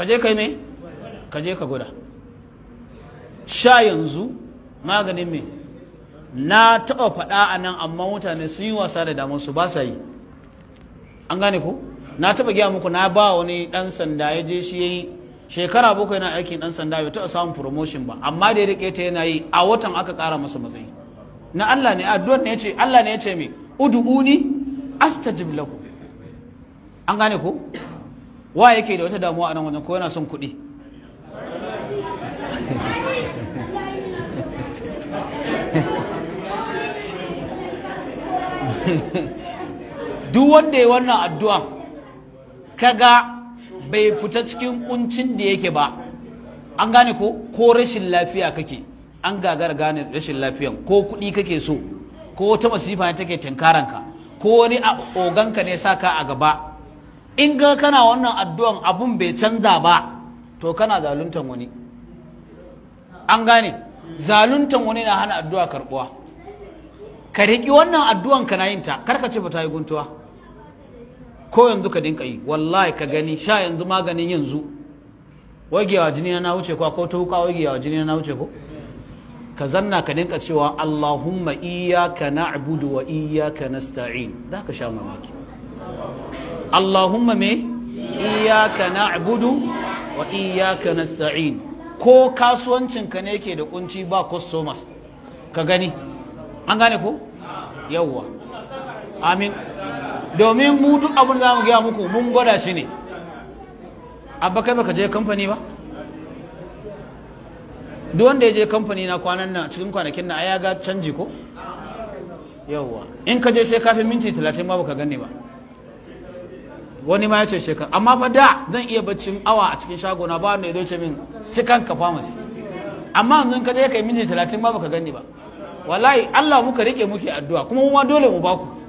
ka je kai mai ka je ka gwada sha yanzu maganin mai na taɓa faɗa a nan amma mutane sun yi wasa da damar su ba sa yi an gane ku na taɓa gaya muku na ba wani ɗan sanda ya je shi ya yi shekara bakwai na aikin ɗan sanda bai taɓa samun promotion ba amma da ya riƙe ta yana yi a watan aka ƙara masa matsayi na Allah ne addu'ar ne ya ce Allah ne ya ce mai udu'uni astajib lakum an gane ku. wa yake da wata damuwa a nan wajen ko yana son kuɗi duk wanda ya wannan addu'a kaga bai fita cikin kuncin da yake ba an gane ko ko rashin lafiya kake an gagara gane rashin lafiyan ko kuɗi kake so ko wata masifa ne take tinkaranka ko wani oganka ne saka a gaba in ga kana wannan addu'an abun bai canza ba to kana zaluntan wani an gane zaluntan wani na hana addu'a karbuwa ka riƙi wannan addu'an kana yin ta karka ce ba ta yi guntuwa ko yanzu ka dinka yi wallahi ka gani sha yanzu maganin yanzu wagewa jini na wuce ko ko tuka wagewa jini na wuce ko ka zanna ka dinka cewa Allahumma iyyaka na'budu wa iyyaka nasta'in zaka sha mamaki Allahumma me iyaka na'budu wa iyaka nasta'in ko kasuwancinka ne yake da kunci ba customers ka gani an gane ko yawwa amin domin mu duk abin da mu gaya muku mun gwada shi ne abba kai baka je kamfani ba duk wanda ya je kamfani na kwanan nan cikin kwanakin na ya ga canji ko yawwa in ka je sai kafin minti talatin ba baka gane ba wani ma ya ce shekan amma fa da zan iya bacci awa a cikin shagona ba wanda ya zoce min cikan ka famasi amma yanzu ka je kai mini talatin ma baka gani ba wallahi Allah muka rike muke addu'a kuma mu ma dole mu baku